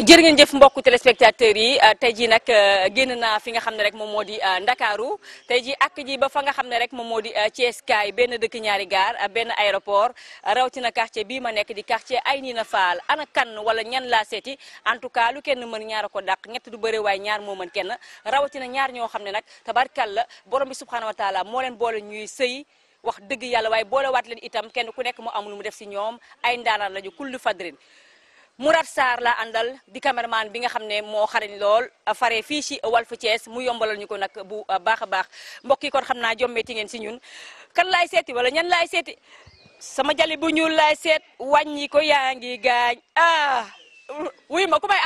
jërë ngeen jëf mbokku téléspectateurs yi euh, tey jii nag euh, génn naa fi nga xam ne rek moom moo di euh, Ndakaaru tey jii ak ji ba fa nga xam ne rek moom moo di Thiès kaay benn dëkk ñaari gaar benn aéroport rawatina quartier bii ma nekk di quartier Aynina Fall ana kan wala ñan laa seeti en tout cas lu kenn mën ñaar a ko dàq ñett du bëre waaye ñaar moo mën kenn rawatina ñaar ñoo xam ne nag la borom bi subhanahu wa taala moo leen boole ñuy sëy wax dëgg yàlla waaye boolewaat leen itam kenn ku nekk mu amul mu def si ñoom ay ndaanaan lañu kullu fadrin Mourat Sarr la àndal di cameraman bi nga xam ne moo xarañ lool fare fii ci Walf Thiès mu yombalal ñu ko nag bu baax a baax mbokk yi kon xam naa jommeeti ngeen ci ñun kan laay seeti wala ñan laay seeti sama jali bu ñuul laay seet wàññi ko yaa ngi gaañ ah, ma ku may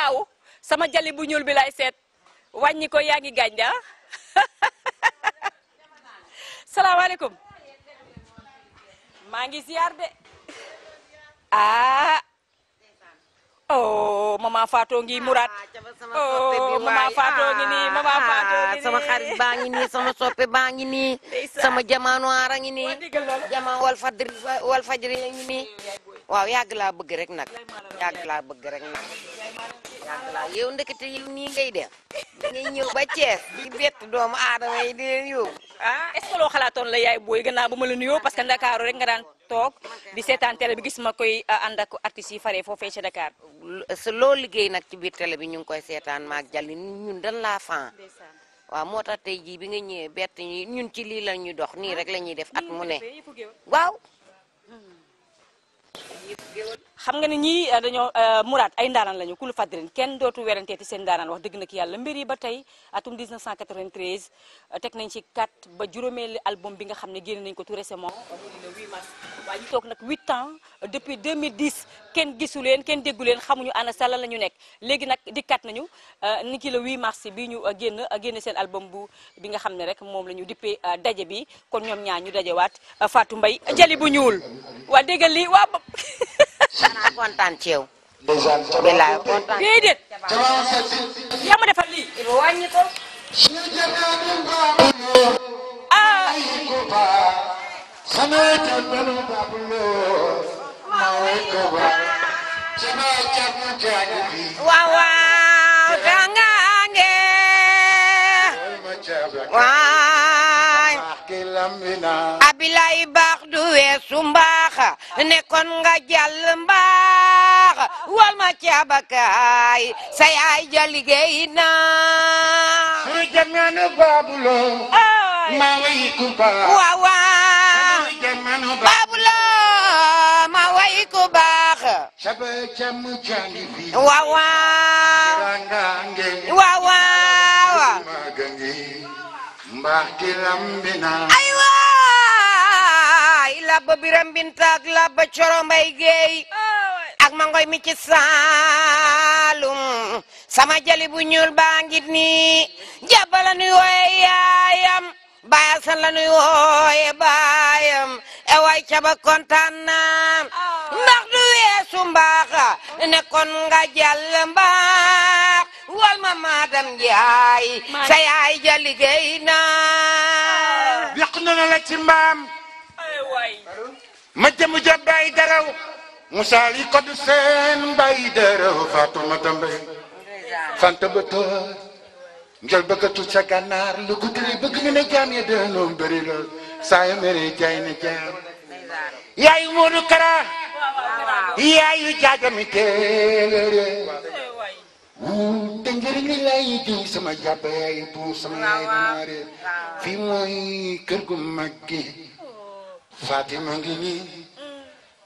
sama jali bu ñuul bi laay seet wàññi yaa ngi gaañ da ah. salaamaaleykum maa ngi ziar de ah oh mama Fatou ngi murat ah, oh mama Fatou ngi nii mama ah, Fatou ngi nii sama xarit baa ngi nii sama soppe baa ngi nii sama jamaano ara ngi nii jamaa wal fajri wal ngi nii waaw yàgg laa bëgg rek nag yàgg laa bëgg rek nag yàgg laa yow ndekete yow nii ngay def ngay ñëw ba Thiès di bett doomu aadama yi di leen ah est loo xalaatoon la yaay booy gannaaw ba ma la nuyoo parce que Ndakaaru rek nga daan toog di seetaan télé bi gis ma koy uh, ànd ak artistes yi faree foofee ci Dakar. loo liggéey nag ci biir télé bi ñu ngi koy seetaan maag Jali ñun dañ laa fan waaw moo tax tey jii bi nga ñëwee bett ñi ñun ci lii la ñuy dox nii rek lañuy def at mu ne waaw. xam nga ne ñii eh, dañoo eh, muraat ay ndaanaan lañu kulu fadrin kenn dootu weranteeti seen ndaanaan wax dëgg nag yàlla mbir yi ba tey atum 1993 eh, teg nañ ci 4 ba juróomeeli album bi nga xam ne génn nañ ko tout récemment le 8 mars waaye ñu toog nag 8 ans kenn gisu leen kenn déggu leen xamuñu ana sala la ñu nekk léegi nag dikkaat nañu ni ki le 8 mars bi ñu génn a génn seen album bu bi nga xam ne rek moom la ñu dippee daje bi kon ñoom ñaar ñu dajewaat faatu mbay jali bu ñuul waa déggal li waa xanaa kontaan ci yow. dèjà bilaay kontaan. déedéet. yaa baax du weesu mbaa. baax nekkoon nga jàll mbaax wal ma caabakaay sa yaay ja liggéey na sunu ma way ku baax waaw waaw sunu jamano baabulo ma way ku baax saba cam cangi bi waaw waaw waaw waaw mbaax ti lambi na aywa labba biram binta labba coro mbay ak ma mi ci saalum sama jali bu ñuul baa ngi nii jàbba yaayam baaya san la baayam e way caba kontaan naam oh. ndax du weesu nga jàll mbaax wal ma maadam jaay sa yaay ja liggéey oh. na ma jëm ja bay daraw Moussa li ko du seen bay daraw Fatoumata Mbay fanta ba toor njël bëgg a tuut sa gànnaar lu guddi li bëgg ñu ne ya dañoo bëri lool saa yu mere jaay na jaam yaayu Moodu Kara yaayu jaajami téelére te njëriñ lay jiw sama jàpp yaayu buur sama yaay damaare fii mooy kër gu mag gi Fatima ngi nii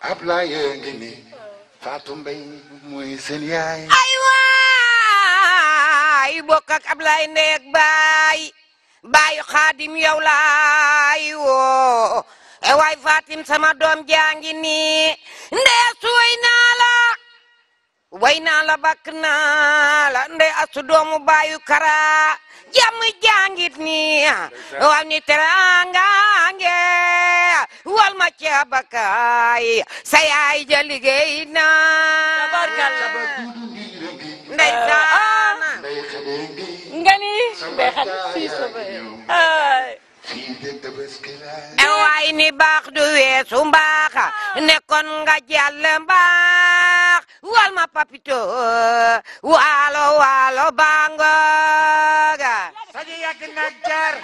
Ablaye ngi nii Fatou Mbaye mooy seen ay waay bokk ak Ablaye ndey baay Xaadim yow laay woo waay Fatim sama doom jaa ngi nii ndee suy naa la way naa la bakk naa la ndey asu doomu baayu kara jàmm jàngit ni wal ni wal ma ca bakkaay sa yaay ja liggéey na tabarkalla ndey saana ndey waay ni baax du weesu mbaaxa nekkoon nga jàll mbaax wal ma papito waalo waalo bangoga saje yàgg nag jar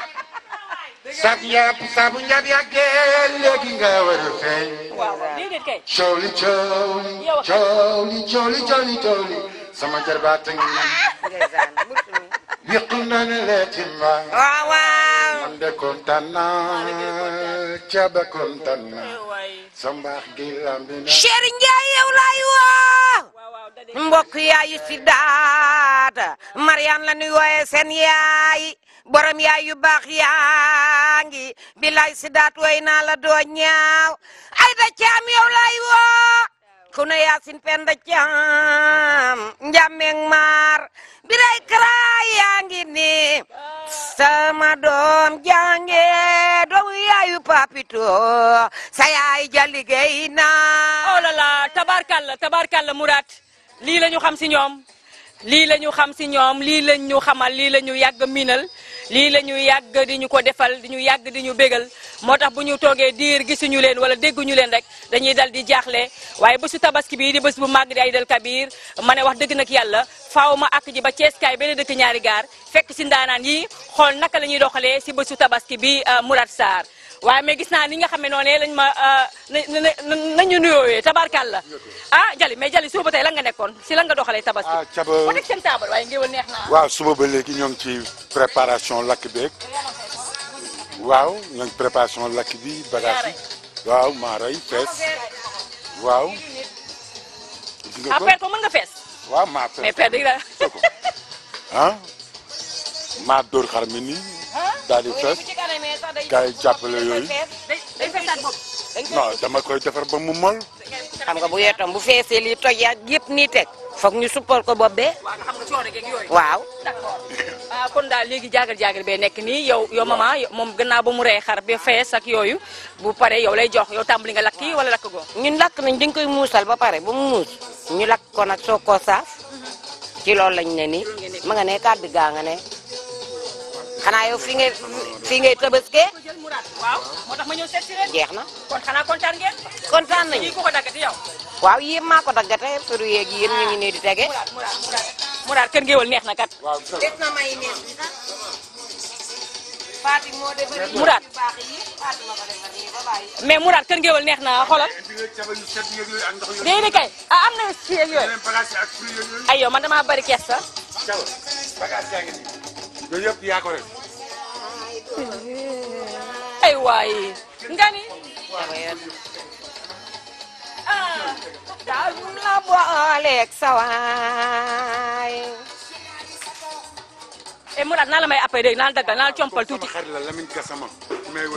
sab yàpp sabu njab yàggee léegi nga war a feeñ cooli cooli cooli cooli cooli cooli sama jarbaat ngi ah, yëqal na ne lee ci ma. waaw waaw. gi lambi na. Cheikh Ndiaye yow laay woo. mbokk yaayu si daata. Mariane la ñuy wooyee seen yaay. borom yaay yu baax yaa ngi. bilaay si daat way naa la ay da caam yow laay woo. ku ne yaasin penda caam njameng maar biray kalaay yaa ngi ni sama doom jànge doomu yaayu papito sa yaay ja liggéey na oh la la tabarkalla tabarkalla Mourad lii la ñu xam si ñoom lii la ñu xam si ñoom lii la ñu xamal lii la ñu yàgg miinal lii la ñu yàgg di ñu ko defal di ñu yàgg di ñu bégal moo tax bu ñu toogee diir gisuñu leen wala dégguñu leen rek dañuy dal di jaaxle waaye bésu tabaski bii di bës bu màgg di ay dal kabir ma ne wax dëgg nag yàlla faaw ma ak ji ba ceeskaay benn dëkk ñaari gaar fekk si ndaanaan yi xool naka la ñuy doxalee si bésu tabaski bi euh, Mourad Sarr waaye mais gis naa ni nga xam ne noonu lañ ma euh, nañu nuyoowee tabarkal la ah Jali mais Jali suba ba tey lan nga nekkoon si langa nga doxalee tabaski. ah caba ba seen taabal waaye ngéwal neex na waaw suba ba léegi ñoom ci préparation lakk beeg waaw ñoo ngi lakk bi bagaas yi waaw maa rey fees waaw. gis nga ko ah, mën nga fees. waaw fees mais père ah. ma dóor xar mi nii daal di fees gars yi jàppale yooyu non dama koy defar ba mu mol. xam nga bu yee tam bu feesee lii toj yaa yëpp nii teg foog ñu suppal ko bopp bee. waaw. Ah, kon daal léegi jaagal jaagal bee nekk nii yow yow maman moom gannaaw ba mu rey xar ba fees ak yooyu bu pare yow lay jox yow tàmbali nga lakk yi wala lakk goo. ñun lakk nañ dañ koy muusal ba pare ba mu muus ñu lakk ko nag soo ko saaf mm-hmm. ci loolu lañ ne nii ma nga ne kàddu gaa nga ne. xanaa yow fii ngay fii ngay tabaskee. moo tax ma ñëw seet si leen. jeex na kon xanaa kontaan ngeen. kontaan nañu ko daggati waaw yéen maa ko daggate fëru yeeg yéen ñu ngi nii di tege. Mourad kër géwël neex na kat. waaw def na mais Mourad kër géwël neex na xoolal. déedéet kay ah am na si yeeg yooyu. ay man damaa bari kees sax. loolu yëpp nga ni. ah. daal eh, mun naa la may appel léegi naa la daggal naa la tuuti.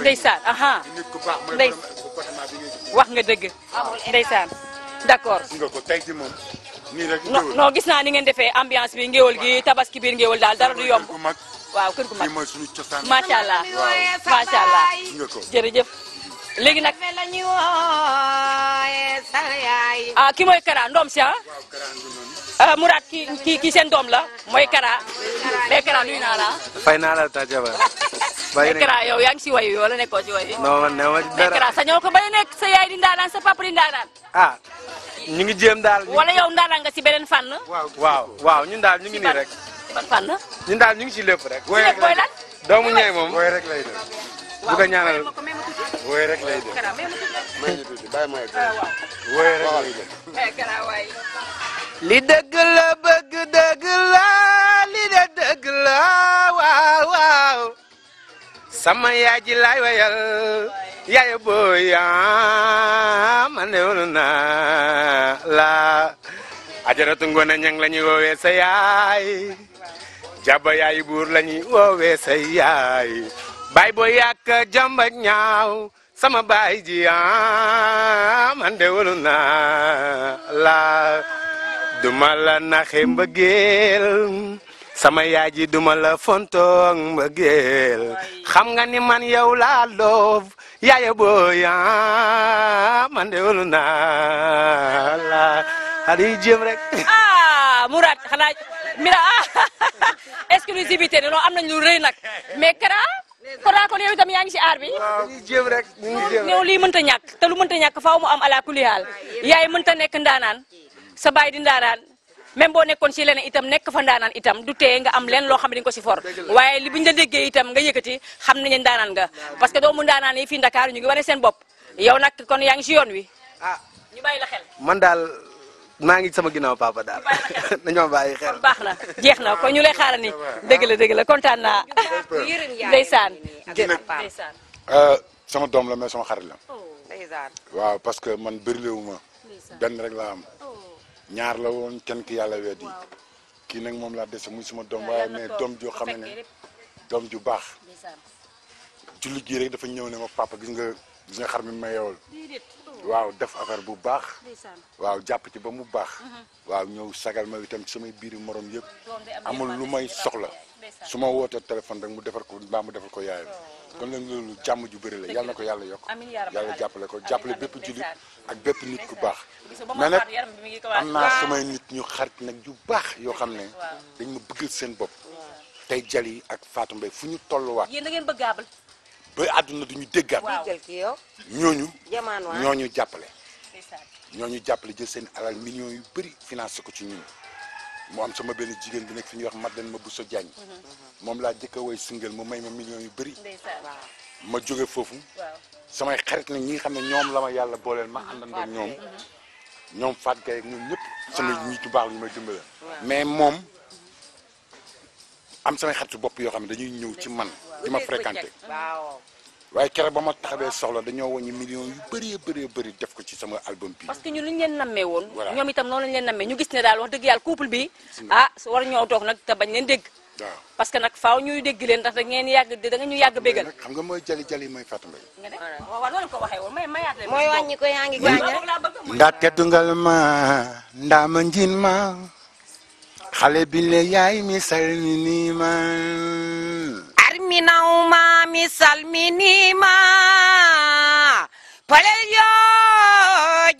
ndeysaan aha ndey wax nga dëgg ndeysaan d'accord. nii rek non gis naa ni ngeen defee ambiance bi ngéwal gi tabaski biir ngéwal daal dara du yomb waaw kër gu mag mooy suñu cosaan macha allah macha allah jërëjëf léegi nag ah ki mooy Kara ndoom si ah, ah Mourad ki ki seen doom la mooy Kara mais Kara nuyu naa la naa la bàyyi nañ Nekra yow yaa ngi si way wala nekkoo si way bi. non man néew ma ko ba nekk sa yaay di ndaanaan sa papa di ndaanaan. ah ñu ngi jéem daal. wala yow ndaanaan nga si beneen fànn. waaw waaw waaw ñun daal ñu ngi nii rek. si ban fànn. ñun daal ñu ngi si lépp rek. booy rek lay def doomu ñay moom booy rek lay def. li dëgg la bëgg dëgg la li dëgg la waaw sama yaay ji laay wayal yaay booy ma néew na la ajaratu ngoone ñang la ñuy woowee sa yaay jaba yaay buur la ñuy woowee sa yaay baay boo yàq jamba sama baay ji ma néew na la duma la naxe mbëggeel sama yaay ji duma la fontoog mbëggeel xam nga ni man yow laa loof yaaya booya man de wolu naa la xale ah. yi jéem rek ah Mourad xanaa mira ah. exclusivité ne am nañ lu rëy nag mais Kara Kara kon yow itam yaa ngi si aar bi ñu jéem rek ñu mënta ñàkk te mënta ñàkk faaw mu am ala kulli haal yaay mënta nekk ndaanaan sa di ndaanaan même boo nekkoon si leneen itam nekk fa ndaanaan itam du tee nga am leen loo xam ne di nga ko si for waaye li bu ñu la itam nga yëkkati xam nañu ndaanaan nga parce que doomu ndaanaan yi fii Ndakaaru ñu ngi wane seen bopp yow nag kon yaa ngi si yoon wi ah. man daal maa ngi sama ginnaaw papa daal nañoo bàyyi xel baax na jeex na kon ñu lay xaara ni dëgg la dëgg la kontaan naa ndeysaan ndeysaan euh, sama doom la mais sama xarit la oh. waaw parce que man bërilewu ma benn rek laa am ñaar la woon kenn ki yàlla weddi kii nag moom laa dese muy suma doom waaye mais doom joo xam ne doom ju baax julli gii rek dafa ñëw ne ma papa gis nga gis nga xar mi ma yeewal waaw def affaire bu baax waaw jàpp ci ba mu baax mhm. waaw ñëw sagal ma itam biir yu moroom yëpp amul lu may soxla su ma wootee téléphone rek mu defar ko mbaa mu defar ko yaayam kon nag loolu jàmm ju bëri la yàlla na ko yàlla yokk yàlla jàppale ko jàppale bépp jullit ak bépp nit ku baax mais nag am naa samay nit ñu xarit nag yu baax yoo xam ne dañ ma bëggal seen bopp tey jal yi ak Fatou Mbaye fu ñu tolluwaat yéen àdduna du ñu déggaat ñooñu ñooñu jàppale ñooñu jàppale jël seen alal millions yu bëri financé ko ci ñun mu am sama benn jigéen bi nekk fi ñuy wax Madeleine Mabousso Diagne mhm. moom laa jëkk a woy single mu may ma millions yu bëri ma jóge foofu samay xarit nag ñi nga xam ne ñoom la ma yàlla booleel ma mhm. àndandoo ñoom mhm. ñoom Fatou Gueye ñoom ñëpp sama ñi tu baax ñu may dimbale mais moom am samay xaritu bopp yoo xam ne dañuy ñëw ci man di ma fréquenté waaye keroog ba ma taxawee soxla dañoo wàññi millions yu bëree bëree bëri def ko ci sama album bi parce que ñu li ñu leen nammee woon ñoom itam noonu lañu leen nammee ñu gis ne daal wax dëgg ah, leen dégg waaw que nag faaw ñuy dégg leen ndax da ngeen yàgg da nga ñu yàgg bégal xam nga mooy jali jali mooy Fatou Mbaye nga ma ndaa ma ma xale bi le yaay mi sal ni ma من أومام سلمنيما فليو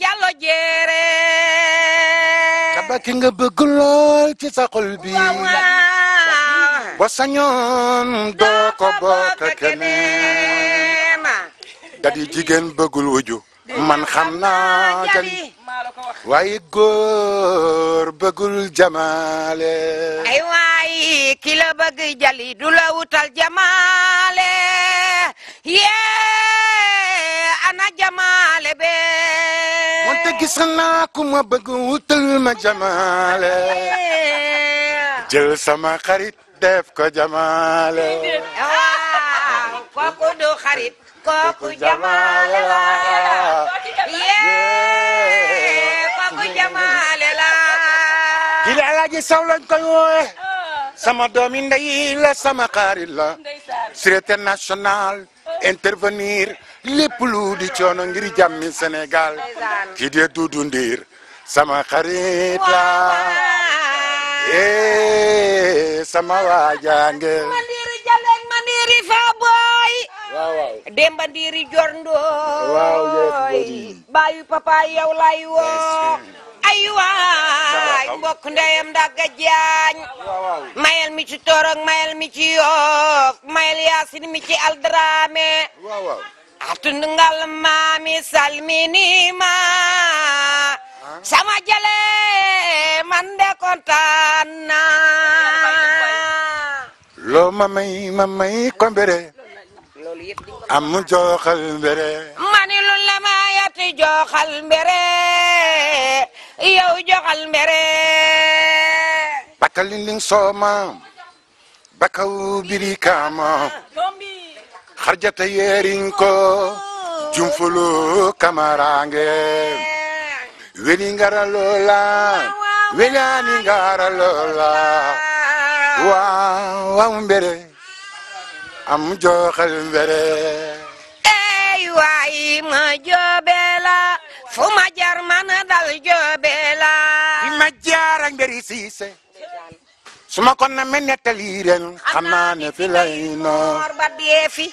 جالو جيري كباكي نغبق لول تساقل بي وسنيون دوكو بوكا كنين دادي جيجين بقل وجو من خمنا جلي waaye góor bëggul jamaale. ay waay ki la bëgg jali du la wutal jamaale. yee ana jamaale be. wante gis naa ku ma bëgg wutal ma jamaale. jël sama xarit def ko jamaale. waaw kooku du xarit. kooku jamaale la. yee. yemaale laa. kii la El Hadj Sow lañ koy woowe. Oh. sama doomi ndey la sama xarit la. secrétaire national oh. intervenir lépp lu di coono ngir jàmmi Sénégal. kii de sama xarit la. Eh, sama waa jànge. waaw waaw Demba Ndiri Jor Ndooy. waaw bayu papa yow lay ay waay mbokk ndeyam ndagga jaañ mayel mi ci torok mayel mi ci yoof mayel yaasin mi ci aldraame atund ngal maami salminima ah. sama jale man de kontaan naa loo ma may ma may ko mbere am joxal mbere mani lu la mayati joxal mbere yow joxal mbere bakalin ling sooma bakaw biri kaama harjata yeerin ko jumfulu kamarange eh. weli ngara loola welani ngara loola waaw waaw mbere am joxal mbere ay waay ma job fu ma jaar man dal joobeela fi ma jaar ak siise su ma kon na me nettali ren xam naa ne fi lay noor ba dee fi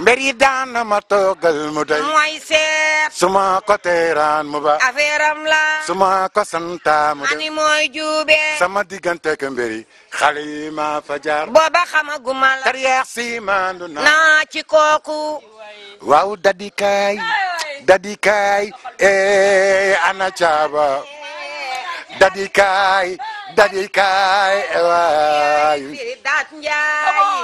mbiri daan na ma toogal mu doy mooy seet su ma ko teeraan mu ba affaire la su ma ko santa mu doy ani mooy juubee sama diggante ke mbiri xale ma fa jaar booba xamaguma la tariyeex si maandu na ci kooku waaw dadikaay dadi kaay eh ana caaba dadi kaay dadi kaay eh, waayu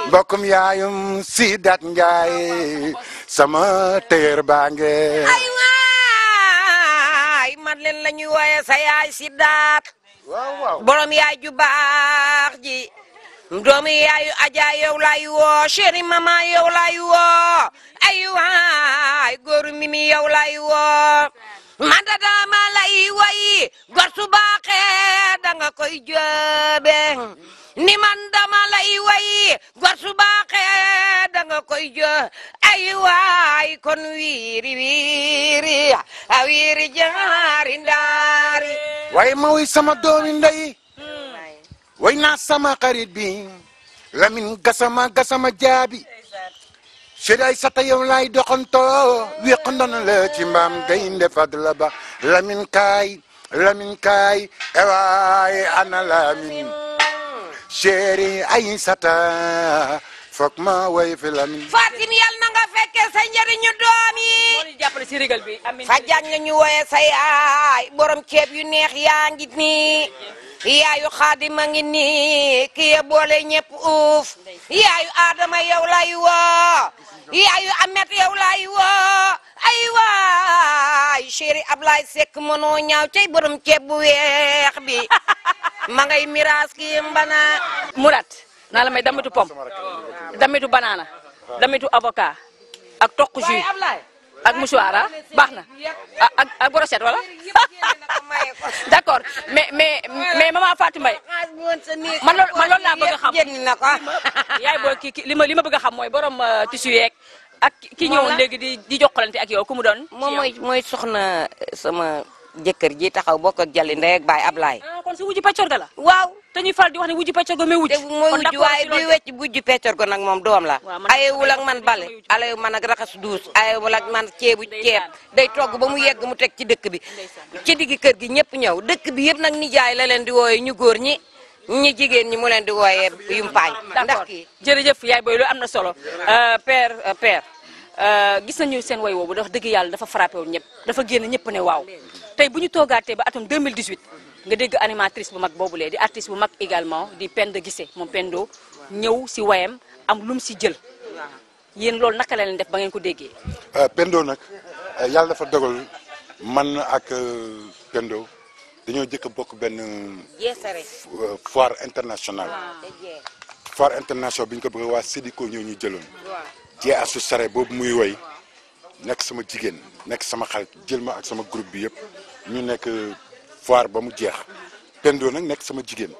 mbokkum yaayum si dat njaay sama téer baa nge ay waay man leen la ñuy sa yaay si daat waaw yaay ju ji doomu yaayu Adja yow laay woo chéri mama yow laay woo aywaay góoru mimi yow laay woo man de gor su baaxee danga koy joobe ni man dama lay gor su baaxee danga koy joo aywaay kon wiiri wiiri a wiiri jaari ndaari way ma wuy sama doomi ndey way naa sama xarit bi Lamine Gassama Gassama jaabi Séday sata yow laay doxantoo wéq ndono la ci mbaam gaynde fadla ba Lamine kaay Lamine kaay ewaay ana Lamine chéri ay sata foog ma way fi Lamine. Fatim yal na nga fekkee sa njëriñu ñu jàppale si sa borom ceeb yu neex yaa ngi nii. yaayu xaadima ngi nii kii ya boole ñëpp uuf. yaayu Adama yow lay yaayu Amet yow lay woo. ay waay chéri Ablaye Seck borom ceeb bu weex bi ma ngay miraas kii mbana murat naa la may damitu pomme damitu banana damitu avocat ak toq jus ak mouchoir ah, baax na ak ak brochette wala accord mais mais mais maman Fatou ma man loolu man loolu a xam yaay booy kii ki li ma li ma bëgg a xam mooy borom euh, tissu yeeg ak ki ñëwoon léegi di di jokkalante ak yow ku mu doon. moom mooy mooy soxna sama. jëkkër ji taxaw bokk ak Jalle ndey ak baay Ablaye. ah kon si la. waaw dañuy fal di wax ne wujju peccor ga mais wujj. kon d' waaye luy wecc wujju peccor ga nag moom doom la. waaw man ayewul ak man bale ayew man ak raxas duus ayewul ak man ceebu ceeb day togg ba mu yegg mu teg ci dëkk bi. ci digg kër gi ñëpp ñëw dëkk bi yëpp nag nijaay la leen di wooyee ñu góor ñi. ñu jigéen ñi mu leen di wooyee yumpaañ. ndax kii jërëjëf yaay booy lu am na solo euh, père euh, père euh, gis nañu seen woy woowu dafa dëgg yàlla dafa frappé ñëpp dafa génn ñëpp ne waaw tey bu ñu toogaatee ba atum 2018 nga dégg animatrice bu mag lee di artiste bu mag également di Penda Guissé moom Pendo ñëw si wayam am lu mu si jël yéen loolu naka la leen def ba ngeen ko déggee. Euh, Pendo nag euh, yalla dafa dogal man ak euh, Pendo dañoo jëkk a bokk benn. foire international ah. foire internationale bi ñu ko bëgg waa Sédiko ñëw ñu jëloon. jee asu sare boobu muy woy nekk sama jigéen nekk sama xarit jël ma ak sama groupe bi yëpp ñu nekk foire ba mu jeex Pendo nag nekk sama jigéen.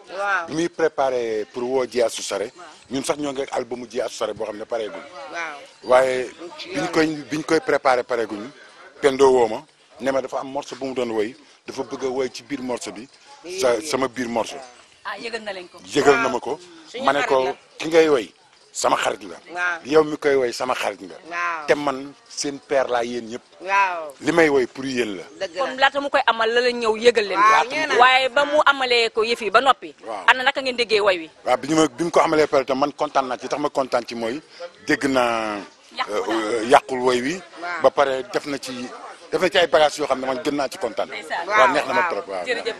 bi muy préparé pour woo Dia Soussare. ñun sax ñoo ngi ak albumu Dia Soussare boo xam ne pareeguñ. waaw waaye biñ koy biñ koy préparé pareeguñ Pendo woo ma ne ma dafa am morceau bu mu doon woy dafa bëgg a woy ci biir morceau bi. sa sama biir morceau. ah yëgal na leen ko. yëgal na ma ko. ma ne ko ki ngay woy. sama xarit la yow mi koy woy sama xarit nga. te man seen père laa yéen ñëpp. li may woy pour yéen la. kon laata mu koy amal la la ñëw yëgal leen. waaye ba mu amalee ko yëf yi ba noppi. waaw ana naka ngeen déggee woy wi. waaw bi ñu ma bi ko amalee pare tam man kontaan naa ci tax ma kontaan ci mooy dégg naa. Euh, euh, yàqul woy wi. ba pare def na ci. def na ci ay bagages yoo xam ne man gën naa ci kontaan. waaw neex na ma trop waaw. jërëjëf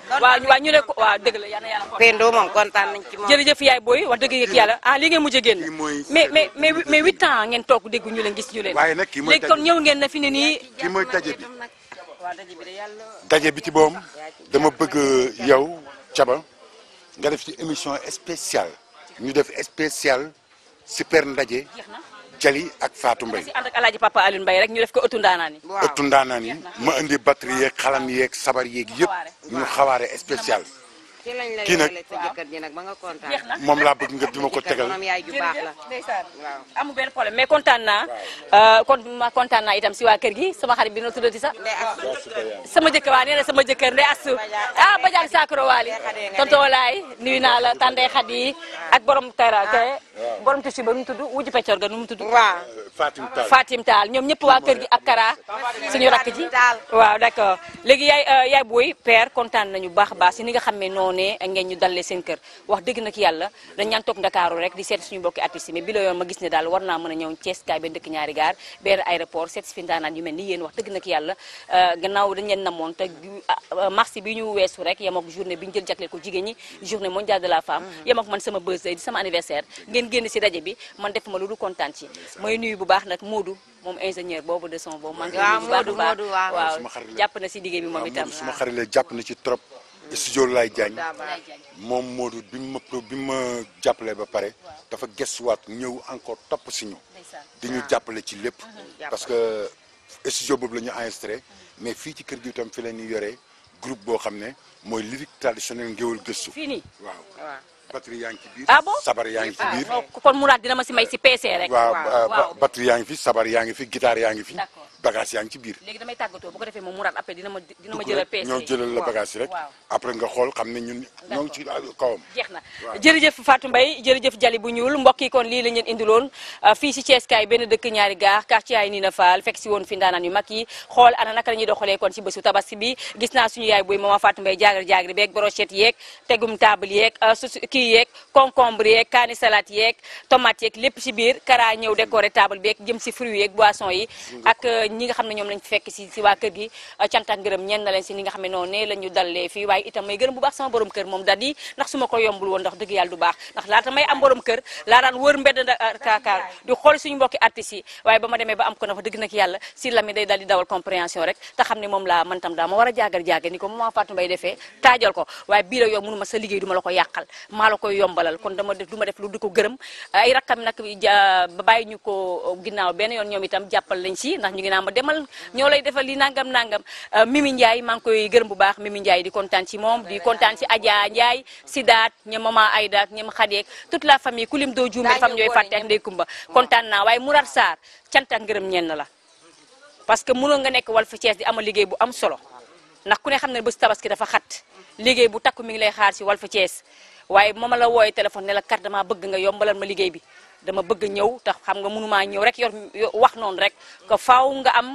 ñu ne ko waaw dëgg la yal na yàlla. Pendo moom kontaan nañ ci moom. jërëjëf yaay booy wax dëgg yëg yàlla li ah, ngeen mujj a génn. mais mais mais mais huit ngeen toog dégg ñu leen gis ñu leen. waaye nag kii mooy daje léegi kon ñëw ngeen na fi ne nii. kii mooy daje bi daje bi ci boom dama bëgg yow Thiaba nga def ci émission spéciale ñu def spéciale super Jali ak Fatou Mbaye. si ànd ak El Hadj Papa Alioune Mbaye rek ñu def ko ëttu ndaanaan yi. waaw ëttu ndaanaan yi ma indi batterie yeeg xalam yeeg sabar yeeg yëpp ñu xawaare spécial. kii nag moom laa bëgg nga di ko tegal mais kontaan euh, ma kontaan naa itam si waa kër gi sama xarit bi no tuddati sax sama jëkkër waa nee na sama jëkkër ndey astu ah bajaan saakoro waali tonto walaay nuyu naa la tàndee xat ak borom teraate ah. borom tusi ba nu mu tudd wujju peccor mu tudd waaw Fatim Taal Fatim ñoom ñëpp waa kër gi ak karaa suñu rakk ji waa d'accord léegi yaay euh, yaay booy père kontaan nañu baax a baax si ni nga xam ne noonee ngeen ñu dalee seen kër wax dëgg nag yàlla dañ ñaan toog Ndakaaru rek di seet suñu mbokki artistes yi mais bi la yoon ma gis ne daal war naa mën a ñëw Thiès kaay benn dëkk ñaari gaar benn aéroport seet si fi yu mel ni yéen wax dëgg nag yàlla euh, gannaaw dañ leen namoon te euh, marché bi ñu weesu rek yem ak journée bi ñu jël jagleel ko jigéen ñi journée mondiale de la mm. Thursday di sama anniversaire ngeen génn si rajo bi man def ma lu dul kontaan ci mooy nuyu bu baax nag Modou moom ingénieur boobu de son boobu man waaw Modou Modou waaw waaw jàpp na si liggéey bi moom itam suma xarit la jàpp na ci trop studio Laye Diagne moom du bi ma bi ma jàppale ba pare dafa gëstuwaat ñëw encore topp si ñu di ñu jàppale ci lépp mhm. parce que studio boobu la ñu enregistré mais fii ci kër gi tam fi la ñu yoree groupe boo xam ne mooy lyrique traditionnel ngéwal gëstu fii waaw batterie yaa ngi ci biir. ah bon sabar yaa ngi ci biir. Ah, kon Mourad dina ma si may si PC rek. waaw euh, yaa ngi fi sabar yaa ngi fi guitare yaa ngi fi. d'accord yaa ngi ci biir. léegi jëlal PC. ñoo jëlal rek. après nga xool xam ne ñun ñoo ngi ci euh, kawam. jeex na jërëjëf Jali bu ñuul mbokk kon lii la indiloon euh, fii si Thiès kaay benn dëkk ñaari gaar quartier ay Nina Fall fekk si woon fi ndaanaan yu mag yi xool ana naka la doxalee kon si bésu tabaski bi gis naa kii concombre yeeg kaani salade yeeg tomate lépp ci biir kara ñëw décoré table bi yeeg jëm ci fruits yeeg boisson yi ak euh, ñi nga xam ne ñoom lañ fekk ci euh, waaye itam may gërëm bu baax sama borom kër moom euh, daal di ndax di dawal compréhension rek te xam ne moom laa man tam daa ma war a jaagar jaagar ni ko Maman Fatou Mbaye defee taajal ko waaye bii la yow mënuma sa liggéey duma la ko yàqal la koy yombalal kon dama def du ma def lu du ko gërëm ay rakkam nag ba bàyyi ñu ko uh, ginnaaw benn yoon ñoom itam jàppal lañ si ndax ñu ngi naa ma demal ñoo lay defal li nangam nangam uh, Mimi Ndiaye maa ngi koy gërëm bu baax Mimi Ndiaye di kontaan si moom di kontaan si Adja Ndiaye si daat ña maman Aïda ak ñam xadeek toute la famille ku lim doo juumee fam ñooy fàtte ak ndey kumba kontaan naa waaye Mourar Sarr cant ak ngërëm la parce que mënoon nga nekk Walf Thiès di amal liggéey bu am solo ndax ku xam ne bés tabaski dafa xat liggéey bu takku mi ngi lay xaar si Walf Thiès waaye ma la wooye téléphone ne la kar damaa bëgg nga yombalal ma liggéey bi dama bëgg ñëw tax xam nga maa ñëw rek yor wax noonu rek que faaw nga am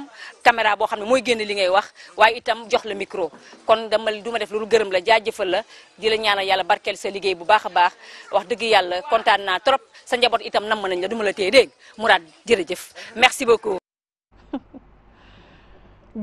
caméra boo xam ne mooy génn li ngay wax waaye itam jox la micro kon dama du ma def loolu gërëm la jëfal la di la ñaanal yàlla barkel sa liggéey bu baax a baax wax dëgg yàlla kontaan naa trop sa njaboot itam nam nañ la du ma la téye dégg Mourad jërëjëf merci beaucoup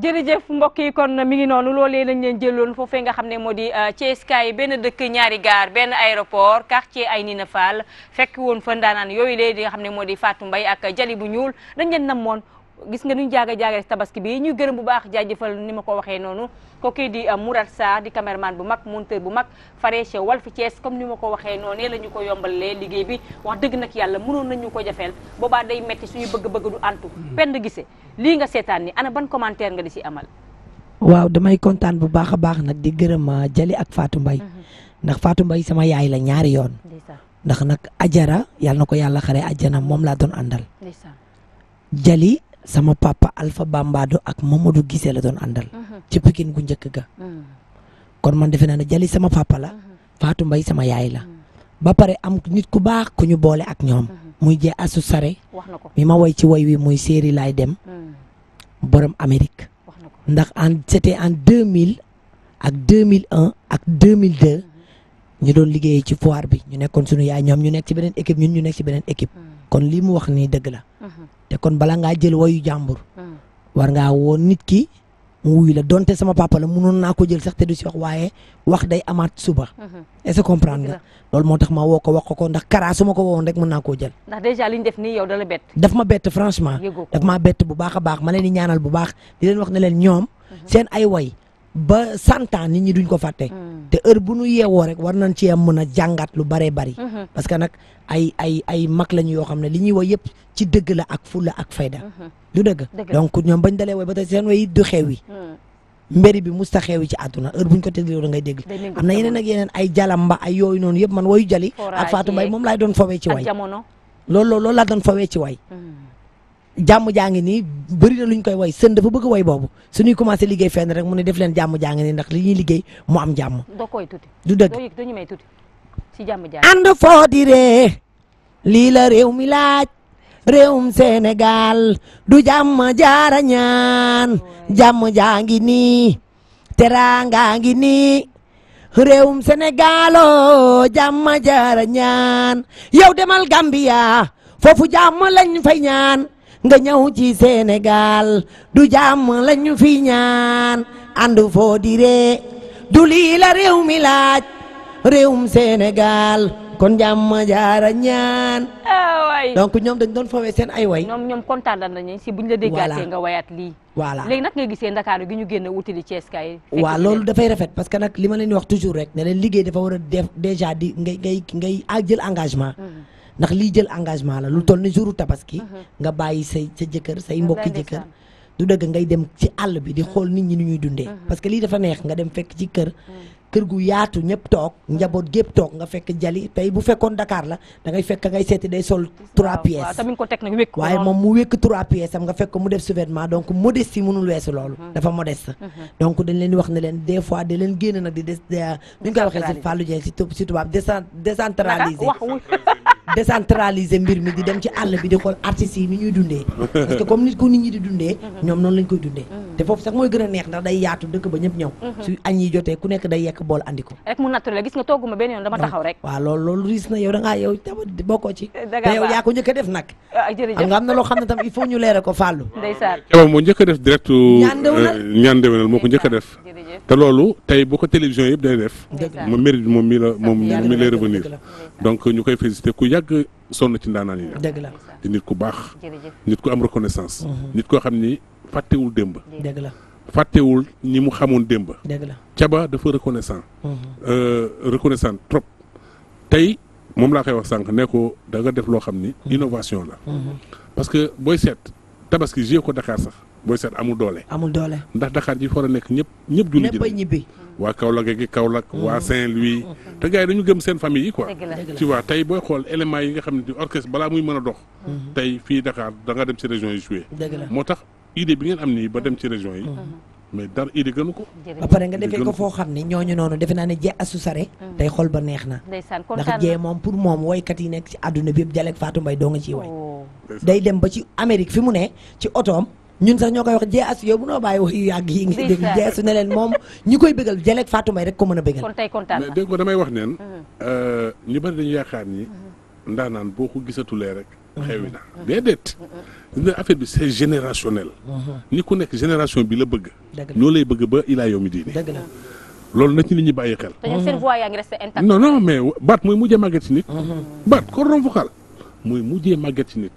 jërëjëf mbokk yi kon mi ngi noonu loolee lañ leen jëloon foofee nga xam ne moo di euh, Thiès kaay benn dëkk ñaari gaar benn aéroport quartier ay niina Fall fekk woon fa ndaanaan yooyu lee di nga xam ne moo di Fatou mbay ak Jali bu ñuul dañ leen namoon gis nga nuñ jaaga jaaga tabaski bi ñuy gërëm bu baax jaajëfal ni ma ko waxee noonu kooku di euh, Mourad Sarr di cameraman bu mag monteur bu mag faree chez Walf Thiès comme ni ma ko waxee noonu la ñu ko yombalee liggéey bi wax dëgg nag yàlla mënoon nañu ko jafeel boobaa day metti suñu bëgg-bëgg du antu pend gise lii nga seetaan ni ana ban commentaire nga di si amal waaw damay kontaan bu baax a baax nag di gërëm euh, Jali ak Fatou Mbaye mhm. ndax Fatou Mbaye sama yaay la ñaari yoon ndax nag ajara yàlla na ko yàlla xare ajjana moom laa doon àndal sama papa Alpha bambaado ak Mamadou Guissé la doon àndal. Mhm. ci Pikine gu njëkk ga. Mhm. kon man defe na ne Jali sama papa la. Mhm. Fatou mbay sama yaay la. ba pare am nit ku baax ku ñu boole ak ñoom. muy jee asu sare. wax na ko mi ma woy ci woy wi muy séeri laay dem. borom Amérique. ndax en c'était en deux mille ak deux mille un ak deux mille deux ñu doon liggéeyee ci foire bi ñu nekkoon sunu yaay ñoom ñu nekk ci beneen équipe ñun ci beneen équipe. kon lii mu wax nii dëgg la te kon bala ngaa jël wayu jàmbur war ngaa woo nit ki mu wuyu la donte sama papa la mënoon naa ko jël sax te du si wax waaye wax day amaat suba est-ce que comprendre nga loolu moo tax ma woo ko wax ko ko ndax karaa su ma ko woowoon rek mën naa koo jël ndax déjà li ñu def nii yow da la bett daf ma bett franchement daf maa bett bu baax a baax ma leen di ñaanal bu baax di leen wax ne leen ñoom seen ay way ba santaan ni ñi duñ ko fàtte. Hmm. te heure bu nu yeewoo rek war nañ ci am mën a jàngat lu baree bari. Hmm. parce que nag ay ay ay mag lañu yoo xam ne li ñuy woy yëpp ci dëgg la ak fulla ak fayda. lu hmm. dëgg donc ñoom bañ dale woy ba tey seen way du xew yi. bi musta xew yi ci àdduna heure buñ ko tegloo da ngay dégg am na yeneen ak yeneen ay jalamba ay yooyu yëpp man wayu jali ak Fatou Mbaye moom laay doon fawee ci way loolu loolu laa doon fawee ci way jàmm jaa ngi nii bëri na luñ ñu koy woy sën dafa bëgg woy boobu suñuy commencé liggéey fenn rek mu ne def leen jàmm jaa ngi nii ndax li ñuy liggéey mu am jàmm. doo koy tuuti du dëgg doo ñu may tuuti si jàmm jaa ànd foo di la réew mi laaj réewum Sénégal du jàmm jaara ñaan jàmm jaa ngi nii teraanga ngi nii réewum Sénégal oo oh, jaara ñaan yow demal Gambia foofu jàmm lañ fay ñaan. nga ñëw ci Sénégal du jàmm ñu fi ñaan ànd foo di ree du lii la réew mi laaj réewum Sénégal kon jàmm jaara ñaan. donc ñoom dañ doon foowee seen ay way. ñoom ñoom kontaan nañu si buñ la déggaatee nga wayaat lii. voilà léegi nag nga gisee Ndakaaru gi ñu génn wutali Thiès kay. waaw loolu dafay rafet parce que nag li ma leen wax toujours rek ne leen liggéey dafa war a def déjà di ngay ngay ngay jël engagement. Mm-hmm. ndax lii jël engagement la lu toll ni jouru tabaski uh-huh. nga bàyyi say sa jëkkër say mbokki jëkkër du dëgg ngay dem ci àll bi di uh-huh. xool nit ñi nu ñuy dundee uh-huh. parce que lii dafa neex nga dem fekk ci kër kër gu yaatu ñëpp toog njaboot gépp toog nga fekk jali tey bu fekkoon Dakar la da fekk ngay seeti day sol trois pièces waaye moom mu wékk trois pièces am nga fekk mu def sous-vêtement donc modeste yi mënul weesu loolu dafa modeste donc dañ leen di wax ne leen des fois da leen génn nag di des euh, nu ñu koy waxee si Fallou Dieng si tubaab décentralisé décentraliser mbir mi di dem ci àll bi di xool artistes yi ni ñuy dundee parce que comme nit ko nit ñi di dundee ñoom noonu lañ koy dundee te foofu sax mooy gën a neex ndax day yaatu dëkk ba ñëpp ñëw su añ yi jotee ku nekk day yekk bool andi ko rek mu naturel gis nga togguma benn taxaw rek waaw loolu loolu riis na yow da ngaa yow tamit bokkoo ci te yow yaa ko njëkk a def nag ah, nga am na loo xam ne tam il faut ñu leere ko fàllu ndeysaan Keba moo njëkk a def direct ñaan euh, moo ko njëkk a def te loolu tey bu ko télévision yëpp day def ma mérite moom mi la moom mi lay revenir donc ñu koy félicité ku yàgg sonn ci ndaanaan yi dëgg la di nit ku baax nit ku am reconnaissance mhm. nit koo xam ni fàttewul démb dëgg la fàttewul ñi mu xamoon démb dëgg la caba dafa reconnaissant mhm. euh, reconnaissant trop tey moom laa koy wax sànq ne ko danga def loo xam ni mhm. innovation la parce que booy seet tabaski jie ko Dakar sax booy seet amul doole. amul doole ndax Dakar ji foora nekk ñëpp ñëpp. ñibbi waa Kaolack gi Kaolack mm. waa Saint-Louis. te gars yi dañu gëm seen famille yi quoi. tu vois tey booy xool éléments yi nga xam ne orchestre balaa muy mën a dox. Mm-hmm. tey fii Dakar da nga dem ci région yi joué. moo tax idée bi ngeen am nii ba dem ci région yi. Mm-hmm. mais dara idée gënu ko. ba pare nga defee ko foo xam ne ñooñu noonu defe naa ne jee sare mm. tey xol ba neex na. ndax jee moom pour moom woykat yi ñun sax ñoo koy wax jeex yow bu noo bàyyi wax yu yàgg yi ngi dégg jeex ne leen moom ñi koy bégal jëleeg Fatou Mbaye rek ko mën a bégal. kon tey kontaan mais dégg nga damay wax neen mhm. euh, ñu bari dañu mhm. rek. Mhm. xewi bi c'est générationnel. ni ku nekk génération bi la bëgg. ñoo lay bëgg ba ilaa yow mi diini. loolu na ci nit ñi bàyyi xel. te ñoom seen voix yaa ngi resté intact. non mais baat mooy mujj a màgget si nit. baat ko romb xal mooy mujjee màgget ci nit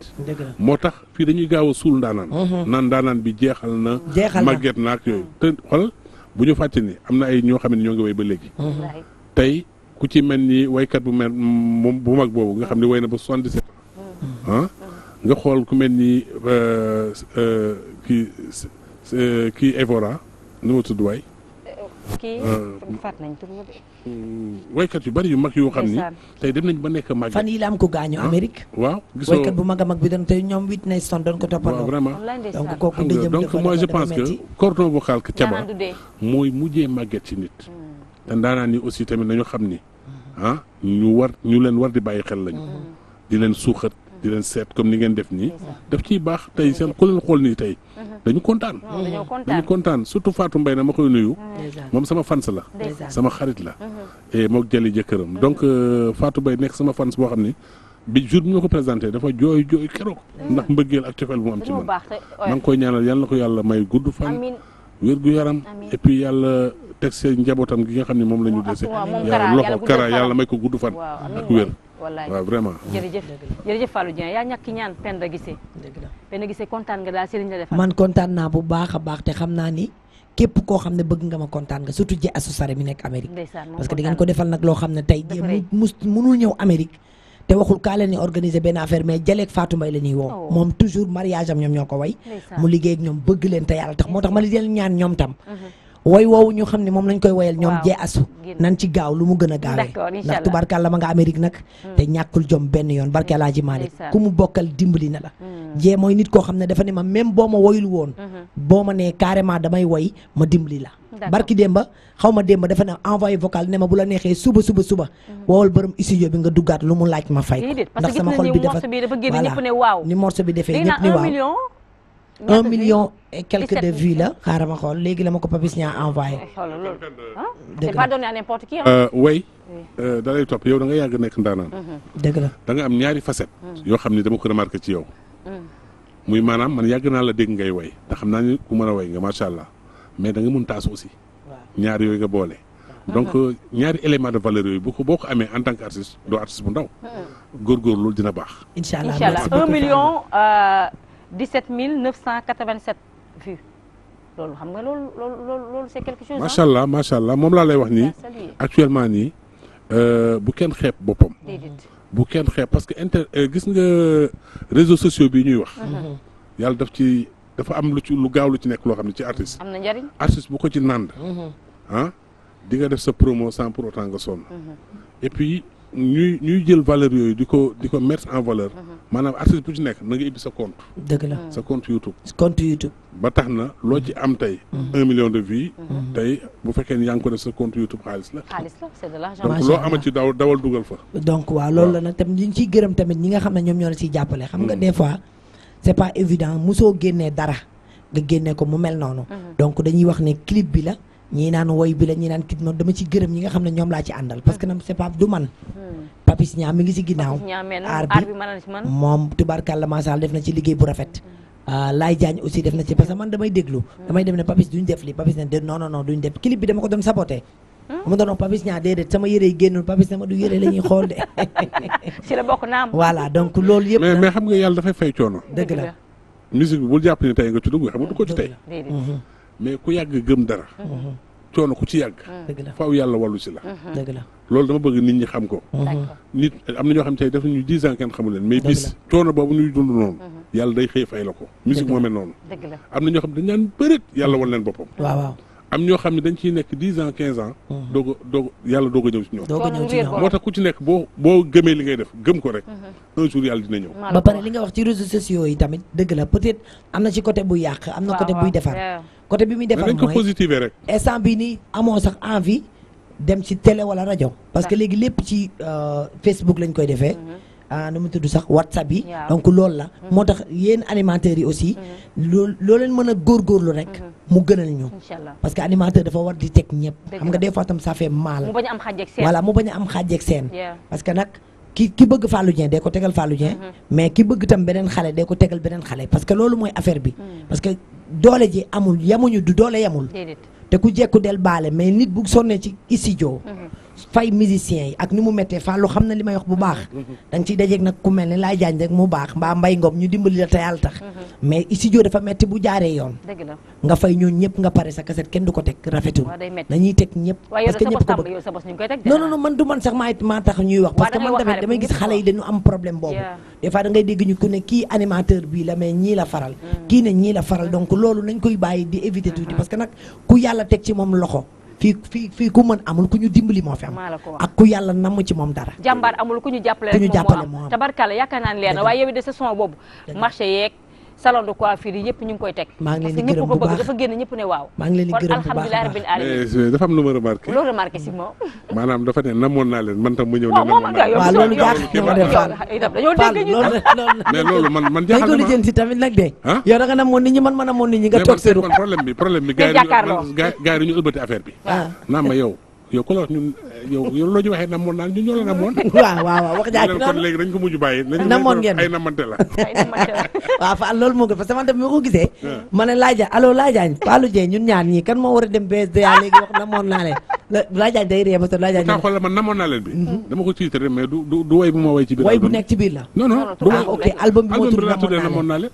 moo tax fii dañuy gaaw suul ndaanaan mhm. naan ndaanaan bi jeexal na màgget naak yooyu te xol bu ñu fàtte ni am na ay ñoo xam ne ñoo ngi way ba léegi mhm. tey ku ci mel ni waykat bu mel moom bu mag boobu nga xam ne way na ba soixante-dix-sept ans mhm. ah? nga xool ku mel ni euh, euh, kii euh, kii Evora nu ma tudd waay kii euh, faat nañ tur euh, yu bari yu mag yoo xam ni tey dem nañ ba nekk mag fan yi la am ko gaañu ah, Amérique waaw gisoo waykat bu mag mag bi doon tey ñoom wit na son doon ko toppandoo vraiment donc kooku dëjëm donc moi je pense que cordon vocal que caba mooy mujjee màgget ci nit hmm. te ndaanaan yi aussi tamit nañu xam ni ah ñu war ñu leen war di bàyyi xel lañu hmm. di leen suuxat di leen seet comme ni ngeen def nii daf ciy baax tey seen ku leen xool nii tey dañu kontaan dañu kontaan surtout faatu mbay na ma koy nuyu moom sama fans la sama xarit la moo mook jëkkëram donc euh, faatu Mbaye nekk sama fans boo xam ne bi jour bi ñu ko présenter dafa jooy jooy keroog ndax mbëggeel ak cofeel bu mu am ci man maa ngi koy ñaanal yàlla la ko yàlla may gudd fan wér gu yaram et puis yàlla teg seen njabootam gi nga xam ne moom la ñu dese yàlla loxo kara yàlla may ko gudd fan ak wér wallaay waaw vraiment jërëjëf jërëjëf Fallou Dieng yaa ñàkk ñaan Penda Guissé Penda kontaan nga daal Serigne la defal man kontaan naa bu baax a baax te xam naa ni képp koo xam ne bëgg nga ma kontaan nga surtout ji asu sare mi nekk Amérique parce que di ngeen ko defal nag loo xam ne tey ji mus munul ñëw Amérique te waxul kaa leen ni organiser benn affaire mais jëleeg Fatou Mbaye la ñuy woo oh. moom toujours mariage am ñoom ñoo ko way mu liggéey ak ñoom bëgg leen te yàlla tax moo tax ma li ñaan ñoom tam mm-hmm. woy woowu ñoo xam ne moom lañ koy woyal ñoom jee asu nan ci gaaw lu mu gën a gaawee ndax la ma nga Amérique nag mm. te ñàkkul jom benn yoon barke Alaaji Maalik ku mu bokkal dimbali na la mm. jee mooy nit koo xam ne dafa ne ma même boo ma woyul woon mm-hmm. boo ma ne carrément damay woy ma dimbali la barki démba xaw ma démba dafa ne envoyé vocal ne ma bu la neexee suba suba suba mm-hmm. woowal borom studio bi nga duggaat lu mu laaj ma fay ko ndax sama xol bi dafa voilà ni morceau bi defee ñëpp ni waaw un million et quelques de la xaaral ma xool léegi la ma ko Papis ñaa envoyé. Eh, dëgg la ah, c'est pas donné euh, euh, da lay topp yow da nga yàgg nekk ndaanaan. Mhm. dëgg la danga am ñaari facette. Mhm. yoo xam ne dama ko remarqué ci yow. Mhm. muy maanaam man yàgg naa la dégg ngay woy ndax xam naa ni ku mën a woy nga macha allah mais danga nga mun taas aussi. ñaar yooyu nga boole. donc euh, ñaari élément de valeur yooyu bu ko boo ko amee en tant que artiste doo artiste bu ndaw. loolu dina baax. incha allah un million. 17 987 vues loolu xam nga loolu loolu loolu loolu macha allah macha allah moom laa lay wax nii actuellement nii euh, bu kenn xeeb boppam. bu kenn xeeb parce que inter euh, gis nga réseaux sociaux bi ñuy wax. Mm-hmm. Mhm. yàlla def ci dafa am lu ci lu gaaw lu ci nekk loo xam ne ci artiste. am na njariñ artiste bu ko ci nànd. Mhm. ah di nga def sa promo sans pour autant nga sonn. Mm-hmm. et puis ñuy ñuy jël valeur yooyu di ko di ko mettre en valeur mhm. maanaam artiste bu ci nekk na nga ibbi sa compte. la sa compte YouTube. compte YouTube. ba tax na loo ci am tey. Mhm. un million de vues. Mhm. tey bu fekkee ni sa compte YouTube xaalis la. xaalis la c'est de l'argent. donc loo amati dawal dawal dugal fa. donc waaw loolu la nag tam ñu ngi gërëm tamit ñi nga xam ne ñoom ñoo la ciy jàppale. xam nga mm. des fois c'est pas évident musoo génnee dara nga génnee ko mu mel noonu. Mm-hmm. donc dañuy wax ne clip bi la. ñii naan woy bi la naan kit noonu dama ci gërëm ñi nga xam ne ñoom laa ci àndal parce que na ci liggéey hmm. ah, que man damay déglu hmm. damay dem ne Papis duñ def li hmm? la ñuy xool de si donc loolu yëpp mais mais xam nga yàlla dafay fay coono dëgg la musique bi bul jàpp ne tey nga ci dugg xam nga du ko ci tey mais ku yàgg gëm dara. coono ku ci yàgg. dëgg la faaw yàlla wàllu si la. dëgg la loolu dama bëgg nit ñi xam ko. nit am na ñoo xam tey dañ naan bëreet yàlla wan leen boppam. am ñoo xam ne dañ ciy nekk dix ans quinze ans. doog a doog yàlla doog a ñëw si ñoom. a ñëw si ñoom moo tax ku ci nekk boo boo gëmee li ngay def gëm ko rek. un jour yàlla dina ñëw. ba pare li nga wax ci réseaux sociaux yi tamit dëgg la peut am na ci côté buy yàq am na côté buy defar côté bi muy defar mooy positiver bi nii amoo sax envie dem ci télé wala rajo parce que léegi lépp ci euh, Facebook lañ koy defee mhm. ah nu mu tudd sax WhatsApp yi donc loolu la mhm. moo tax yéen animateurs yi aussi mhm. loolu loo leen mën a góor góorgóorlu rek mu gënal ñu parce que animateur dafa war di teg ñëpp xam nga des fois tam ça fait mal voilà mu bañ a am xàjjeeg seen parce que nag ki ki bëgg Fallou Dieng dee ko tegal Fallou Dieng mais ki bëgg tam beneen xale de ko tegal beneen xale parce que loolu mooy affaire bi doole ji amul yamuñu du doole yamul te ku jekku del baale mais nit bu sonnee ci studio mhm. fay musiciens yi ak ni mu méttee Fallou xam na li may wax bu baax da nga ciy dajeeg nag ku mel ne laay jaañ rek mu baax mbaa mbay ngom ñu dimbali la te yàlla tax mais studio dafa metti bu jaaree yoon nga fay ñoo ñëpp nga pare sa kaset kenn du ko teg rafetul dañuy teg ñëpp parce que ñëpp ko man du man sax maa tax ñuy wax parce que man damay gis xale yi dañu am problème boobu des fois da ngay dégg ñu ku ne kii animateur bii la mais ñii la faral mm. kii ne ñii la faral donc loolu nañ koy bàyyi di éviter mm-hmm. tuuti parce que nag ku yàlla teg ci moom loxo fii fii fii ku mën amul ku ñu dimbali moo fi am ak ku yàlla namm ci moom dara jàmbaar amul ku ñu jàppale rek moom moo am tabarkalla yaakaar naa ne leer na waaye yow de saison boobu marché yeeg salon de coiffure yi yëpp ñu ngi koy teg. maa ngi leen di gërëm bu baax parce que ñëpp ko bëgg dafa bu baax kon leen man tam mu ñëw. na ma de Fall dañoo dégg ñu mais loolu tamit nag de. Ah? yow da namoon nit ñi man ma namoon nit ñi nga toog seeru. problème bi problème bi gaar ñu ëlbati affaire bi ah. yow ku la wax ñun eh, yow yow loo ñu waxee namoon naan ñun ñoo la namoon. waaw waaw wax jaa ci léegi dañ ko mujj bàyyi. namoon ngeen ay namante la. waaw fa loolu moo gën parce que man tamit ma ko ma ne laajaa allo laajaañ Pallou Dieng ñun ñaar ñii kan moo war a dem BSDA léegi wax namoon naa leen laajaañ day ree ba tey laajaañ. ma xoolal man namoon naa leen bi. Mm-hmm. dama ko tiitre mais du du du way bu ma way ci biir. la. non non ah, du way ah, ok album bi moo tudd namoon naa leen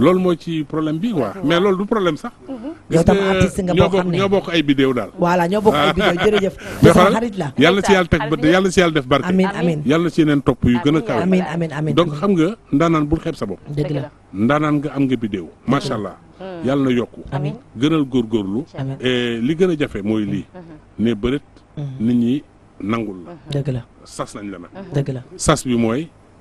loolu mooy ci problème bi quoi mais loolu du problème sax. Mhm. yow tam artiste nga boo xam ne ñoo bokk ay vidéo daal. voilà ñoo bokk ay vidéo jërëjëf. mais xarit la yàlla si yàlla teg ba si yàlla def barke. amiin amiin yàlla si yeneen topp yu gën a kaw. amiin amiin amiin donc xam nga ndaanaan bul xeeb sa bopp. dëgg la ndaanaan nga am nga vidéo macha allah. Mm. yàlla na yokku. amiin gënal góorgóorlu. amiin li gën a jafe mooy lii. Mm-hmm. Mm-hmm. ne bëreet. Mm-hmm. nit ñi nangul la. dëgg la sas nañ la nag. dëgg la sas bi mooy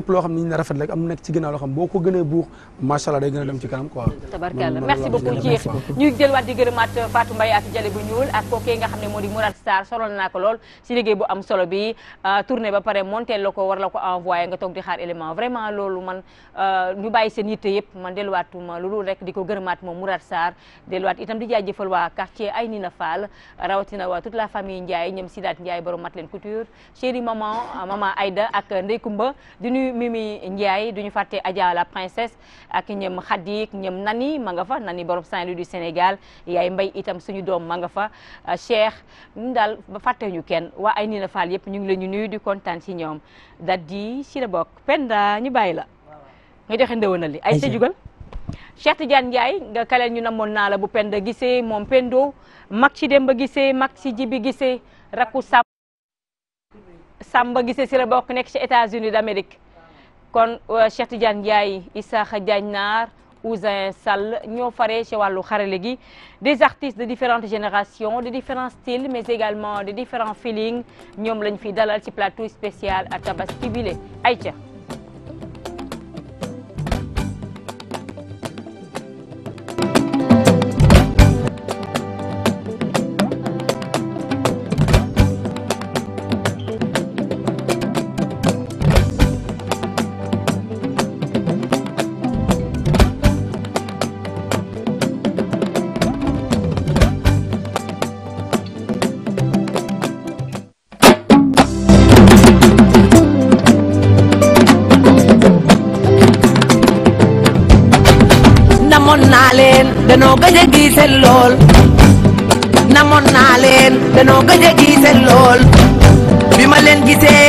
lépp loo xam ni ñu rafet rek am nekk ci ginnaaw loo xam boo ko gënee buux macha allah day gën a dem ci kanam quoi. tabarkalla merci beaucoup Cheikh ñu jëlwaat di gërëmaat Fatou Mbaye ak Jale bu ñuul ak kooku nga xam ne moo di Mourad Sarr solol naa ko lool si liggéey bu am solo bi euh, tourné ba pare monté la ko war la ko envoyé nga toog di xaar élément vraiment loolu man euh, ñu bàyyi seen yitte yëpp man delluwaatuma loolu rek di ko gërëmaat moom Mourad Sarr delluwaat itam di jaajëfal waa waa Mimi Ndiaye duñu fàtte Adja la princesse ak ñoom Khadik ñoom Nani ma nga fa Nani borom saint di du Sénégal yaay mbay itam suñu doom ma nga fa euh, Cheikh ñun daal ba fàtte ñu kenn waa ay Nina Fall yëpp ñu ngi leen ñu nuyu di kontaan ci ñoom dat di ci la bokk Penda ñu bàyyi la nga joxe ndëwënal ay sa jugal Cheikh Tidiane Ndiaye nga kaleel ñu namoon naa la bu Penda gisee moom Pendo mag ci Demba gisee mag ci Jibi gisee rakku Samba Samba gisee si la bokk nekk ci états kon euh, Cheikh Tidiane Ndiaye Isaaxa Diagne Naar Ousin Sall ñoo faree ci wàllu xarale gi des artistes de différentes générations de différents styles mais également de différents feelings ñoom lañ fi dalal ci plateau spécial à Tabaski bile ayca gise lool namoon naa leen danoo gëj a gise lool bi ma leen gisee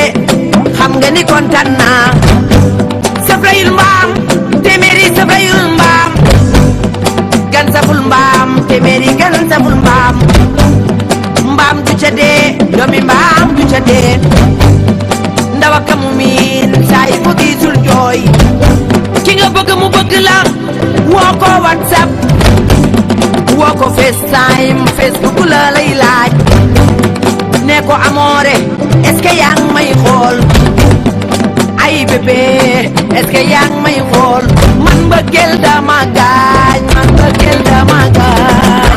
xam nga ni kontaan naa safrayul mbaam téeméeri safrayul mbaam gan mbaam téeméeri gan mbaam mbaam du ca dee doomi mbaam du ca dee ndaw ak saa yi ko gisul jooy ki nga bëgg mu bëgg la woo ko whatsapp woo ko FaceTime Facebook la lay laaj ne amoore est-ce may xool ay bébé est-ce que yaa ngi may xool man mbëggeel dama gaañ man mbëggeel dama gaañ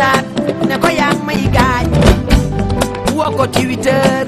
saat ne ko yaa ngi Twitter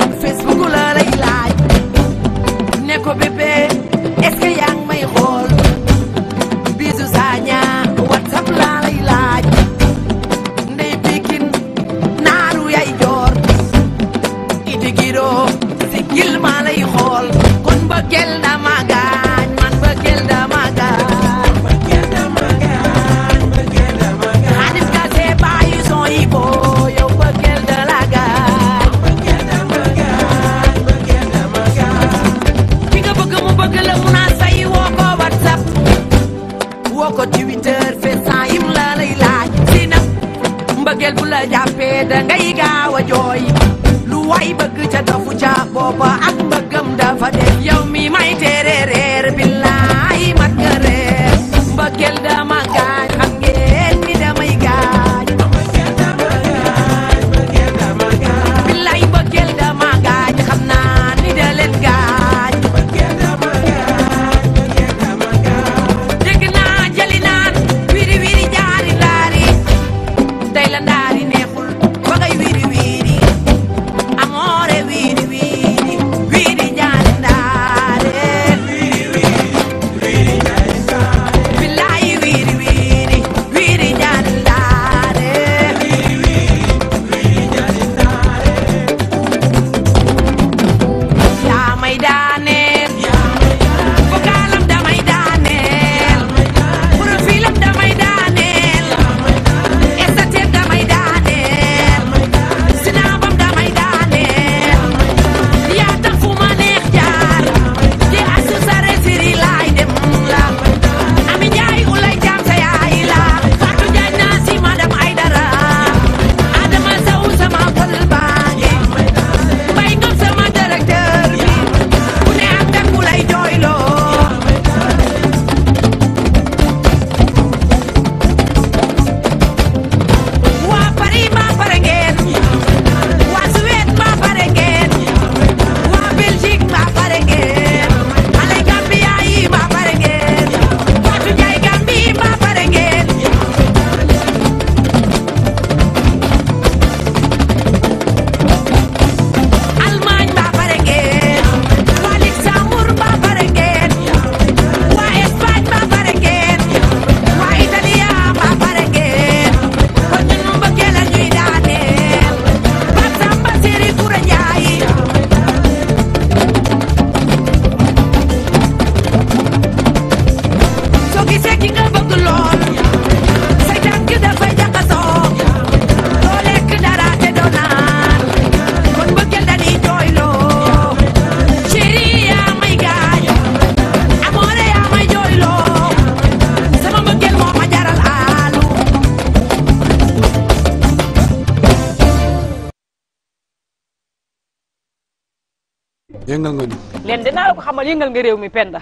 yëngal nga réew mi Penda.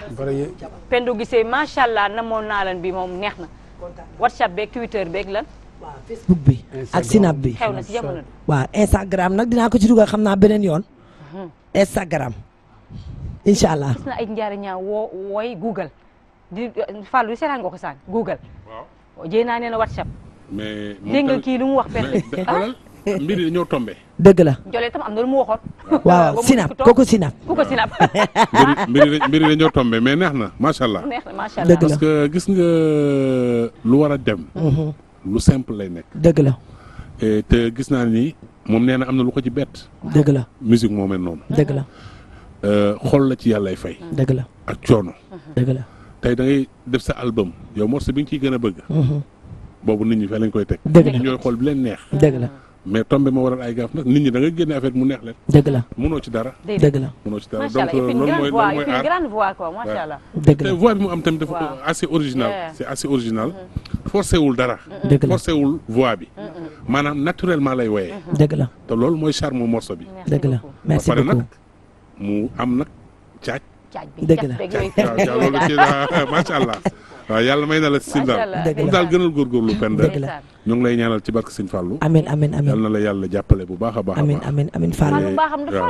Penda gisee macha allah namoon naa bi moom neex na. WhatsApp beeg Twitter beeg lan. waaw bi ak bi. xew na si jamono waaw Instagram nag dinaa ko ci dugal xam naa beneen yoon. Mhm. Instagram incha allah. di Fallou seetaan nga ko sànq Google. waaw WhatsApp. mais kii lu mu Penda mbir yi ñoo tombé. dëgg la. Jole tam am na lu mu waxoon. waaw sinap kooku sinap. kooku mbir yi mbir yi mais neex na macha allah. neex na gis nga euh, war a dem. Mhm. lu dëgg la. te gis naa ni moom nee na am na lu ko ci bett. dëgg la musique moo mel noonu. dëgg la. Euh, xool la ci yàllay fay. dëgg la ak coono. Mhm. dëgg la tey da def sa album yow morceau biñ nga ciy gën a bëgg. Mhm. boobu nit ñi fee lañ koy teg. dëgg la ñooy xool bi leen neex. mais tombé ma waral ay gaaf nag nit ñi da nga génne affaire mu neex leen. dëgg la munoo ci dara. dëgg la munoo ci dara donc loolu mooy loolu mooy art grande voix quoi macha allah. dëgg la mu am tamit dafa assez mm-hmm. forcé wul dara. Mm-hmm. dëgg la wul voix bi. Mm-hmm. maanaam naturellement lay woyee. dëgg la te loolu mooy charme morceau bi. dëgg la merci beaucoup ba pare nag mu am nag caaj. dëgg la caaj waaw allah. waaw yàlla may na la si daal. dëgg la daal pen dëgg ñu ngi lay ñaanal ci barke sëñ Fallou amin amin amin yal na la yàlla jàppale bu baax a baax amin amin amin Fallou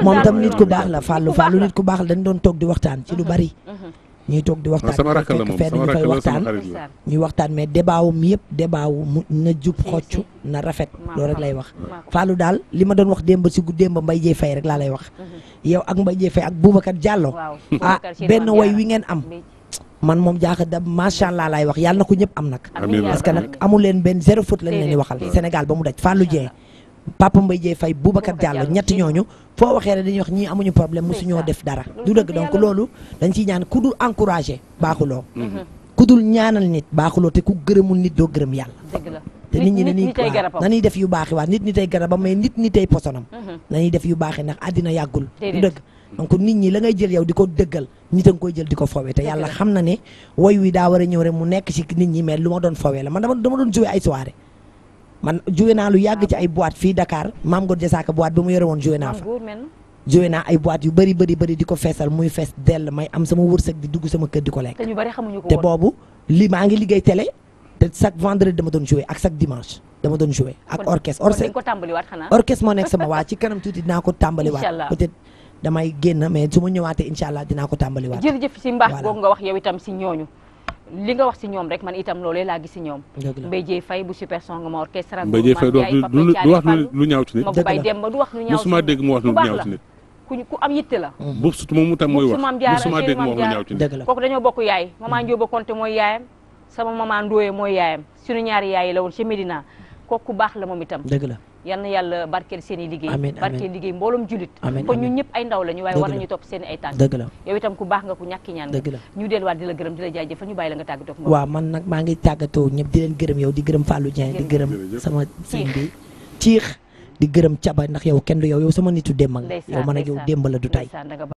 moom tam nit ku baax la Fallou Fallou nit ku baax la dañ doon toog di waxtaan ci lu bari ñuy toog di waxtaan sama rakk la moom fenn ñu fay waxtaan ñuy waxtaan mais débaawum yëpp débaawu mu na jub xocc na rafet loolu rek lay wax Fallou daal li ma doon wax démb si gu démb Mbaye Dieye Faye rek laa lay wax mhm. yow ak Mbaye Dieye Faye ak Boubacar Diallo ah benn way wi ngeen am man moom jaaxa da macha allah laay wax yàlla na ko ñëpp am nag parce nag amu leen benn zéro faute lañ leen di waxal Sénégal ba mu daj Fallou jee Papa Mbaye Dieye Faye Boubacar Diallo ñetti ñooñu foo waxee rek dañuy wax ñii amuñu problème mosuñoo def dara du dëgg donc loolu dañ ciy ñaan ku du encouragé baaxuloo mm-hmm. Mm-hmm. ku dul ñaanal nit baaxuloo te ku gërëmul nit doo gërëm yàlla te nit ñi nañuy nañuy def yu baax waa nit ñi tey garabam may nit ñi tey posonam mm-hmm. nañuy def yu baax ndax àddina yàggul donc nit ñi la ngay jël yow di ko dëggal nit a nga koy jël di ko fowe te yàlla xam na ne woy wi daa war a ñëw rek mu nekk ci nit ñi mais lu ma doon fowe la man dama dama doon joué ay soirée man joué naa lu yàgg ci ay boîte fii Dakar maam Ngor Jasaaka boîte ba woon joué naa fa naa ay boîte yu bëri bëri bëri di ko feesal muy fees dell may am sama wërsëg di dugg sama kër di ko lekk te boobu li maa ngi liggéey télé te chaque vendredi dama doon joué ak chaque dimanche dama doon joué ak orchestre orchestre moo nekk sama waa ci kanam tuuti dinaa ko tàmbaliwaat peut damay génn mais su ma ñëwaatee incha allah dinaa ko tàmbaliwaat. jërëjëf si mbaax googu nga wax yow itam si ñooñu. li nga wax si ñoom rek man itam loolee laa gis si ñoom. Mbaye Dieye Faye bu super song ma orchestre. Mbaye Dieye Faye du wax du wax lu ñaaw ci nit. dëgg la Mbaye wax lu ñaaw ci nit musuma ku la. tam mooy wax musuma dégg mu wax lu ñaaw dañoo bokk yaay maman mm-hmm. Ndiobo Konte mooy yaayam sama maman Ndoye mooy yaayam suñu ñaari yaay la woon ci ko kooku baax la moom itam. dëgg la yan na yàlla barkeel seen i liggéey barkeel liggéey mbooloom julit kon ñun ñëpp ay ndaw lañu waaye war nañu topp seen i ay tànk dëgg la yow itam ku baax nga ku ñàkki ñaan nga ñu delluwaat di la gërëm di la jaajëfal ñu bàyyi la nga tàggatoo ak waaw maa ngi tàggatoo ñëpp di leen gërëm yow di gërëm Fallou Dieng di gërëm sama sëñ ciix di gërëm Caba ndax yow kenn du yow yow sama nitu démb nga yow man ak yow démb la du tay